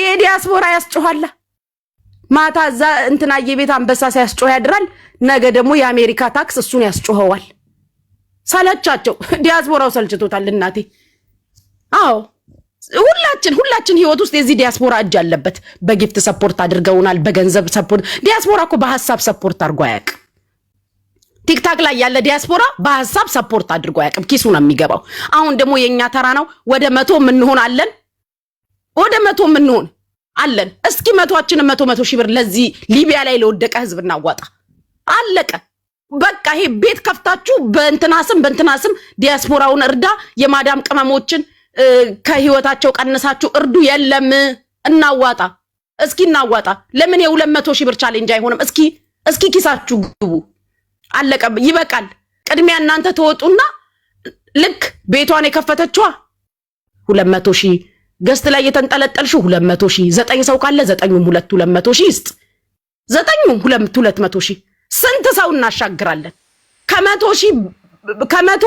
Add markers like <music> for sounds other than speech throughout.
ይሄ ዲያስፖራ ያስጮኋላ። ማታ እዛ እንትና የቤት አንበሳ ሲያስጮህ ያድራል። ነገ ደግሞ የአሜሪካ ታክስ እሱን ያስጮኸዋል። ሰለቻቸው፣ ዲያስፖራው ሰልችቶታል። እናቴ አዎ ሁላችን ሁላችን ህይወት ውስጥ የዚህ ዲያስፖራ እጅ አለበት። በጊፍት ሰፖርት አድርገውናል፣ በገንዘብ ሰፖርት። ዲያስፖራ እኮ በሀሳብ ሰፖርት አድርጎ አያውቅም። ቲክታክ ላይ ያለ ዲያስፖራ በሀሳብ ሰፖርት አድርጎ አያውቅም። ኪሱ ነው የሚገባው። አሁን ደግሞ የእኛ ተራ ነው። ወደ መቶ የምንሆን አለን። ወደ መቶ የምንሆን አለን። እስኪ መቶአችንን መቶ መቶ ሺህ ብር ለዚህ ሊቢያ ላይ ለወደቀ ህዝብ እናዋጣ። አለቀ በቃ። ይሄ ቤት ከፍታችሁ በእንትና ስም በእንትና ስም ዲያስፖራውን እርዳ፣ የማዳም ቅመሞችን ከህይወታቸው ቀንሳችሁ እርዱ። የለም እናዋጣ፣ እስኪ እናዋጣ። ለምን የሁለት መቶ ሺህ ብር ቻሌንጅ አይሆንም? እስኪ እስኪ ኪሳችሁ ግቡ። አለቀ፣ ይበቃል። ቅድሚያ እናንተ ተወጡና ልክ ቤቷን የከፈተችዋ ሁለት መቶ ሺህ ገስት ላይ የተንጠለጠልሽው ሁለት መቶ ሺህ ዘጠኝ ሰው ካለ ዘጠኙም ሁለት ሁለት መቶ ሺህ ይስጥ። ዘጠኙም ሁለት ሁለት መቶ ሺህ ስንት ሰው እናሻግራለን? ከመቶ ሺህ ከመቶ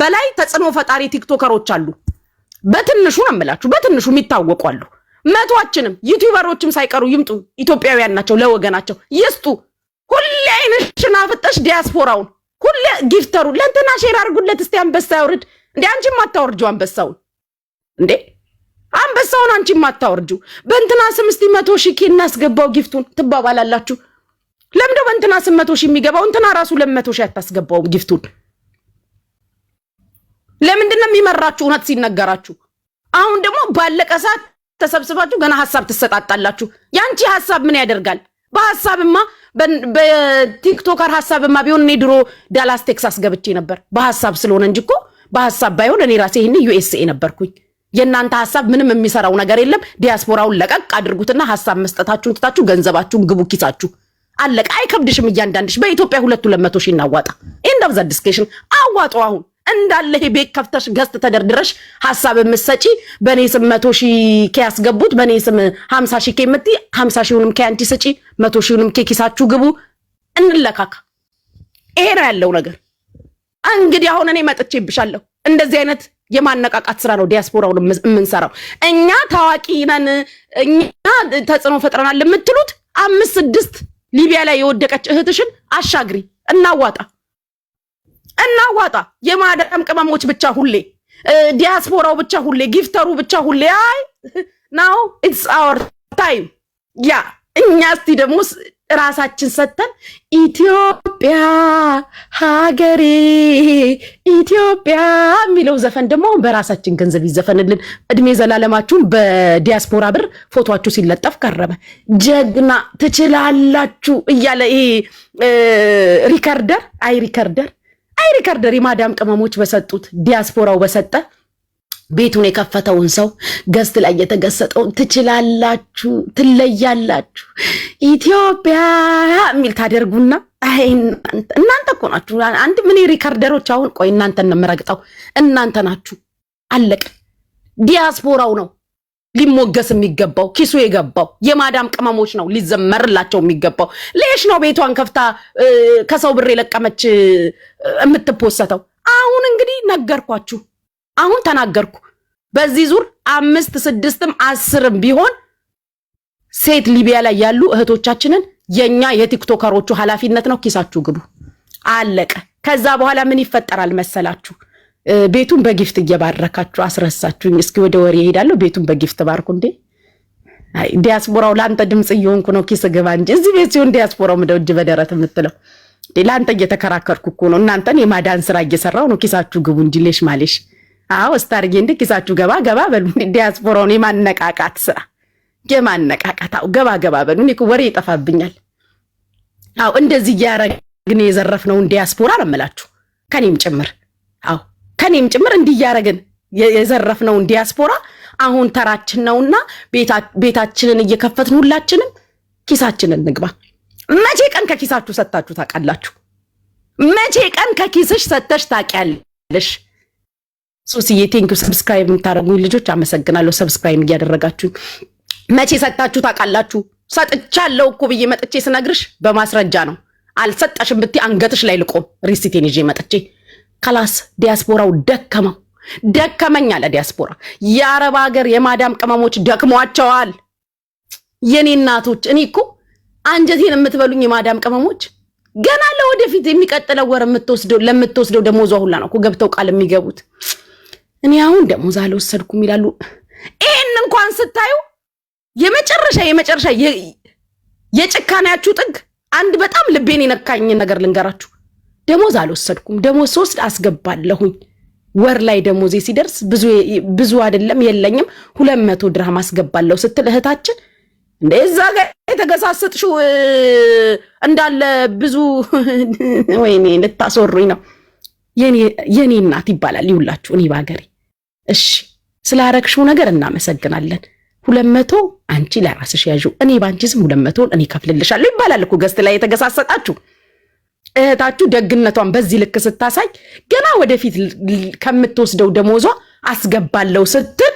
በላይ ተጽዕኖ ፈጣሪ ቲክቶከሮች አሉ። በትንሹ ነው የምላችሁ፣ በትንሹ የሚታወቁ አሉ። መቶአችንም ዩቲዩበሮችም ሳይቀሩ ይምጡ። ኢትዮጵያውያን ናቸው፣ ለወገናቸው ይስጡ። ሁሌ አይንሽን አፍጠሽ ዲያስፖራውን ሁሌ ጊፍተሩን ለእንትና ሼር አድርጉለት። እስቲ አንበሳ ያውርድ እንዴ! አንቺም አታወርጂው አንበሳውን እንዴ! አንበሳውን አንቺ ማታወርጁ በእንትና ስም እስቲ መቶ ሺህ ኬ እናስገባው ጊፍቱን ትባባላላችሁ። ለምደው በእንትና ስም መቶ ሺህ የሚገባው እንትና ራሱ ለመቶ ሺህ አታስገባውም ጊፍቱን። ለምንድን ነው የሚመራችሁ እውነት ሲነገራችሁ? አሁን ደግሞ ባለቀ ሰዓት ተሰብስባችሁ ገና ሀሳብ ትሰጣጣላችሁ። ያንቺ ሀሳብ ምን ያደርጋል? በሀሳብማ በቲክቶከር ሀሳብማ ቢሆን እኔ ድሮ ዳላስ ቴክሳስ ገብቼ ነበር። በሀሳብ ስለሆነ እንጂ እኮ በሀሳብ ባይሆን እኔ ራሴ ይህን ዩኤስኤ ነበርኩኝ። የእናንተ ሀሳብ ምንም የሚሰራው ነገር የለም። ዲያስፖራውን ለቀቅ አድርጉትና ሀሳብ መስጠታችሁን ትታችሁ ገንዘባችሁን ግቡ ኪሳችሁ። አለቀ። አይከብድሽም። እያንዳንድሽ በኢትዮጵያ ሁለት ሁለት መቶ ሺህ እናዋጣ። ኢንድ ኦፍ ዘ ዲስኬሽን አዋጡ። አሁን እንዳለ ይሄ ቤት ከፍተሽ ገዝት ተደርድረሽ ሀሳብ የምትሰጪ በእኔ ስም መቶ ሺህ ኬ ያስገቡት በእኔ ስም ሀምሳ ሺህ ኬ የምትይ ሀምሳ ሺሁንም ኬ አንቺ ስጪ፣ መቶ ሺሁንም ኬ ኪሳችሁ ግቡ። እንለካካ። ይሄ ነው ያለው ነገር። እንግዲህ አሁን እኔ መጥቼብሻለሁ እንደዚህ አይነት የማነቃቃት ስራ ነው ዲያስፖራውን የምንሰራው። እኛ ታዋቂ ነን፣ እኛ ተጽዕኖ ፈጥረናል የምትሉት አምስት ስድስት ሊቢያ ላይ የወደቀች እህትሽን አሻግሪ፣ እናዋጣ እናዋጣ። የማዳም ቅመሞች ብቻ ሁሌ ዲያስፖራው ብቻ ሁሌ ጊፍተሩ ብቻ ሁሌ። አይ ናው ኢትስ አወር ታይም ያ እኛ እስቲ ደግሞ ራሳችን ሰጥተን ኢትዮጵያ ሀገሬ ኢትዮጵያ የሚለው ዘፈን ደግሞ በራሳችን ገንዘብ ይዘፈንልን። እድሜ ዘላለማችሁን በዲያስፖራ ብር ፎቶችሁ ሲለጠፍ ከረመ። ጀግና ትችላላችሁ እያለ ይሄ ሪከርደር አይ ሪከርደር አይ ሪከርደር የማዳም ቅመሞች በሰጡት ዲያስፖራው በሰጠ ቤቱን የከፈተውን ሰው ገስት ላይ የተገሰጠውን ትችላላችሁ፣ ትለያላችሁ፣ ኢትዮጵያ የሚል ታደርጉና እናንተ እኮ ናችሁ። አንድ ምን ሪከርደሮች አሁን ቆይ እናንተ እንመረግጠው እናንተ ናችሁ። አለቀ። ዲያስፖራው ነው ሊሞገስ የሚገባው ኪሱ የገባው የማዳም ቅመሞች ነው ሊዘመርላቸው የሚገባው። ሌሽ ነው ቤቷን ከፍታ ከሰው ብር የለቀመች የምትፖሰተው። አሁን እንግዲህ ነገርኳችሁ። አሁን ተናገርኩ። በዚህ ዙር አምስት ስድስትም አስርም ቢሆን ሴት ሊቢያ ላይ ያሉ እህቶቻችንን የኛ የቲክቶከሮቹ ኃላፊነት ነው። ኪሳችሁ ግቡ፣ አለቀ። ከዛ በኋላ ምን ይፈጠራል መሰላችሁ? ቤቱን በጊፍት እየባረካችሁ አስረሳችሁኝ። እስኪ ወደ ወሬ እሄዳለሁ። ቤቱን በጊፍት ባርኩ እንዴ! ዲያስፖራው ለአንተ ድምፅ እየሆንኩ ነው። ኪስ ግባ እንጂ እዚህ ቤት ሲሆን ዲያስፖራው ምደው እጅ በደረት የምትለው ለአንተ እየተከራከርኩ እኮ ነው። እናንተን የማዳን ስራ እየሰራው ነው። ኪሳችሁ ግቡ እንጂ ሌሽ ማሌሽ አዎ ስታርጌ እንደ ኪሳችሁ ገባ ገባ በሉ። ዲያስፖራውን የማነቃቃት ስራ የማነቃቃት አዎ፣ ገባ ገባ በሉ። እኔ ወሬ ይጠፋብኛል። አዎ እንደዚህ እያረግን የዘረፍነውን ዲያስፖራ ነው ከኔም ጭምር አዎ፣ ከኔም ጭምር እንዲህ እያረግን የዘረፍነውን ዲያስፖራ አሁን ተራችን ነውና ቤታችንን እየከፈትን ሁላችንም ኪሳችንን ንግባ። መቼ ቀን ከኪሳችሁ ሰጥታችሁ ታውቃላችሁ? መቼ ቀን ከኪስሽ ሰጥተሽ ታውቂያለሽ? ሱስዬ ቴንኪው ሰብስክራይብ የምታደረጉኝ ልጆች አመሰግናለሁ። ሰብስክራይብ እያደረጋችሁኝ መቼ ሰጥታችሁ ታውቃላችሁ? ሰጥቻለሁ እኮ ብዬ መጥቼ ስነግርሽ በማስረጃ ነው። አልሰጠሽም ብቴ አንገትሽ ላይ ልቆም ሪሲቴን ይዤ መጥቼ ከላስ ዲያስፖራው ደከመው ደከመኝ አለ ዲያስፖራ። የአረብ ሀገር የማዳም ቅመሞች ደክሟቸዋል። የኔ እናቶች፣ እኔ እኮ አንጀቴን የምትበሉኝ የማዳም ቅመሞች ገና ለወደፊት የሚቀጥለው ወር ለምትወስደው ደሞዟ ሁላ ነው እኮ ገብተው ቃል የሚገቡት። እኔ አሁን ደሞዝ አልወሰድኩም ይላሉ። ይህን እንኳን ስታዩ የመጨረሻ የመጨረሻ የጭካኔያችሁ ጥግ። አንድ በጣም ልቤን የነካኝ ነገር ልንገራችሁ። ደሞዝ አልወሰድኩም፣ ደሞዝ ሶስት አስገባለሁኝ ወር ላይ ደሞዜ ሲደርስ ብዙ አይደለም የለኝም፣ ሁለት መቶ ድርሃም አስገባለሁ ስትል እህታችን እንደዛ ጋ ጋር የተገሳሰጥሽው እንዳለ ብዙ <laughs> ወይኔ ልታስወሩኝ ነው የኔ እናት ይባላል። ይውላችሁ እኔ በሀገሬ እሺ ስላረግሽው ነገር እናመሰግናለን። ሁለት መቶ አንቺ ለራስሽ ያዡ፣ እኔ በአንቺ ስም ሁለት መቶውን እኔ ከፍልልሻለሁ ይባላል እኮ ገስት ላይ የተገሳሰጣችሁ እህታችሁ ደግነቷን በዚህ ልክ ስታሳይ ገና ወደፊት ከምትወስደው ደሞዟ አስገባለሁ ስትል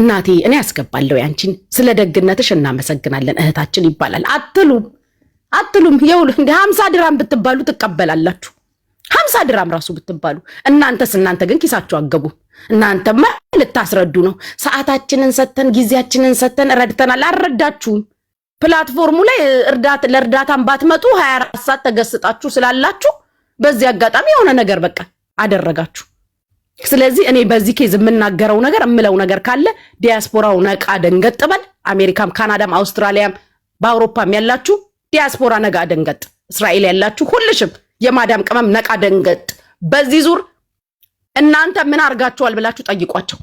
እናቴ እኔ አስገባለሁ ያንቺን፣ ስለ ደግነትሽ እናመሰግናለን እህታችን ይባላል። አትሉም አትሉም የውሉ እንደ ሀምሳ ድራም ብትባሉ ትቀበላላችሁ። ሀምሳ ድራም ራሱ ብትባሉ እናንተስ እናንተ ግን ኪሳችሁ አገቡ። እናንተማ ልታስረዱ ነው። ሰዓታችንን ሰተን ጊዜያችንን ሰተን ረድተናል። አልረዳችሁም። ፕላትፎርሙ ላይ ለእርዳታን ባትመጡ ሀያ አራት ሰዓት ተገስጣችሁ ስላላችሁ በዚህ አጋጣሚ የሆነ ነገር በቃ አደረጋችሁ። ስለዚህ እኔ በዚህ ኬዝ የምናገረው ነገር የምለው ነገር ካለ ዲያስፖራው ነቃ ደንገጥ በል። አሜሪካም፣ ካናዳም፣ አውስትራሊያም በአውሮፓም ያላችሁ ዲያስፖራ ነቃ ደንገጥ። እስራኤል ያላችሁ ሁልሽም የማዳም ቅመም ነቃ ደንገጥ። በዚህ ዙር እናንተ ምን አድርጋችኋል ብላችሁ ጠይቋቸው።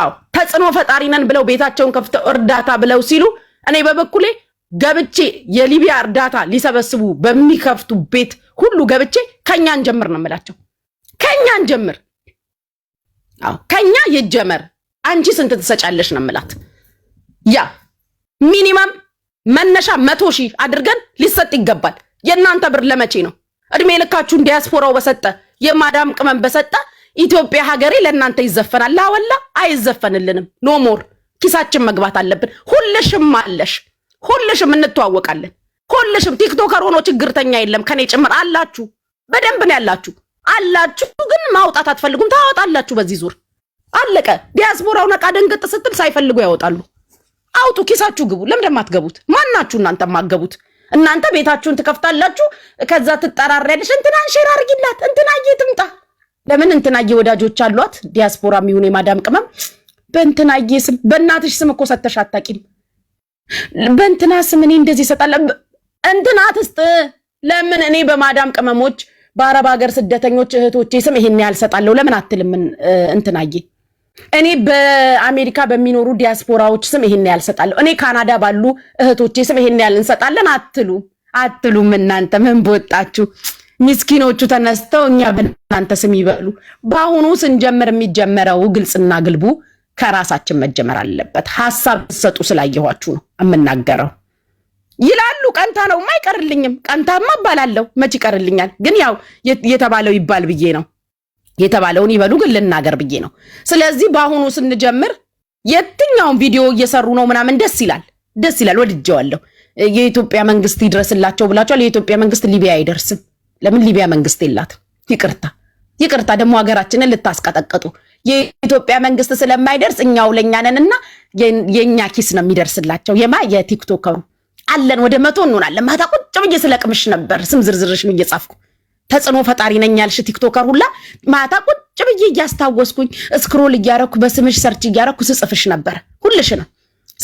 አዎ ተጽዕኖ ፈጣሪ ነን ብለው ቤታቸውን ከፍተው እርዳታ ብለው ሲሉ እኔ በበኩሌ ገብቼ የሊቢያ እርዳታ ሊሰበስቡ በሚከፍቱ ቤት ሁሉ ገብቼ ከኛን ጀምር ነው የምላቸው። ከኛን ጀምር፣ ከኛ ይጀመር። አንቺ ስንት ትሰጫለሽ ነው የምላት። ያ ሚኒመም መነሻ መቶ ሺህ አድርገን ሊሰጥ ይገባል። የእናንተ ብር ለመቼ ነው? እድሜ ልካችሁን ዲያስፖራው በሰጠ የማዳም ቅመም በሰጠ ኢትዮጵያ ሀገሬ ለእናንተ ይዘፈናል። ላወላ አይዘፈንልንም። ኖሞር ኪሳችን መግባት አለብን። ሁልሽም አለሽ፣ ሁልሽም እንተዋወቃለን። ሁልሽም ቲክቶከር ሆኖ ችግርተኛ የለም ከኔ ጭምር አላችሁ። በደንብ ነው ያላችሁ አላችሁ፣ ግን ማውጣት አትፈልጉም። ታወጣላችሁ። በዚህ ዙር አለቀ። ዲያስፖራው ነቃ ደንገጥ ስትል ሳይፈልጉ ያወጣሉ። አውጡ፣ ኪሳችሁ ግቡ። ለምን ማናችሁ እናንተ ማገቡት እናንተ ቤታችሁን ትከፍታላችሁ። ከዛ ትጠራሪያለሽ። እንትናን ሼር አርጊላት፣ እንትናዬ ትምጣ። ለምን እንትናዬ ወዳጆች አሏት፣ ዲያስፖራ የሚሆን የማዳም ቅመም። በእንትናዬ ስም በእናትሽ ስም እኮ ሰተሽ አታቂም። በእንትና ስም እኔ እንደዚህ ይሰጣለ እንትና ትስጥ። ለምን እኔ በማዳም ቅመሞች በአረብ ሀገር ስደተኞች እህቶቼ ስም ይሄን ያልሰጣለሁ ለምን አትልም? እንትናዬ እኔ በአሜሪካ በሚኖሩ ዲያስፖራዎች ስም ይሄን ያህል እሰጣለሁ፣ እኔ ካናዳ ባሉ እህቶቼ ስም ይሄን ያህል እንሰጣለን አትሉም አትሉም። እናንተ ምን በወጣችሁ ምስኪኖቹ ተነስተው እኛ በእናንተ ስም ይበሉ። በአሁኑ ስንጀምር የሚጀመረው ግልጽና ግልቡ ከራሳችን መጀመር አለበት። ሀሳብ ሰጡ ስላየኋችሁ ነው የምናገረው ይላሉ። ቀንታ ነው አይቀርልኝም። ቀንታማ እባላለሁ መች ይቀርልኛል? ግን ያው የተባለው ይባል ብዬ ነው። የተባለውን ይበሉ ግን ልናገር ብዬ ነው። ስለዚህ በአሁኑ ስንጀምር የትኛውን ቪዲዮ እየሰሩ ነው ምናምን ደስ ይላል፣ ደስ ይላል፣ ወድጀዋለሁ። የኢትዮጵያ መንግስት ይድረስላቸው ብላቸዋል። የኢትዮጵያ መንግስት ሊቢያ አይደርስም። ለምን ሊቢያ መንግስት የላትም። ይቅርታ ይቅርታ፣ ደግሞ ሀገራችንን ልታስቀጠቅጡ የኢትዮጵያ መንግስት ስለማይደርስ እኛው ለእኛ ነን እና የእኛ ኪስ ነው የሚደርስላቸው። የማ የቲክቶከሩ አለን ወደ መቶ እንሆናለን። ማታ ቁጭ ብዬ ስለ ቅምሽ ነበር ስም ዝርዝርሽን እየጻፍኩ ተጽዕኖ ፈጣሪ ነኝ ያልሽ ቲክቶከር ሁላ ማታ ቁጭ ብዬ እያስታወስኩኝ ስክሮል እያረኩ በስምሽ ሰርች እያረኩ ስጽፍሽ ነበር ነው።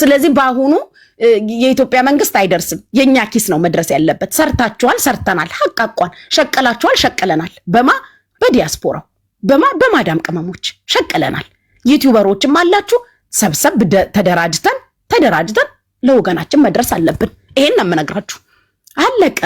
ስለዚህ በአሁኑ የኢትዮጵያ መንግስት አይደርስም። የእኛ ኪስ ነው መድረስ ያለበት። ሰርታችኋል፣ ሰርተናል፣ ሀቃቋን ሸቀላችኋል፣ ሸቀለናል። በማ በዲያስፖራው በማ በማዳም ቅመሞች ሸቀለናል። ዩቲዩበሮችም አላችሁ። ሰብሰብ ተደራጅተን ተደራጅተን ለወገናችን መድረስ አለብን። ይሄን ነው የምነግራችሁ። አለቀ።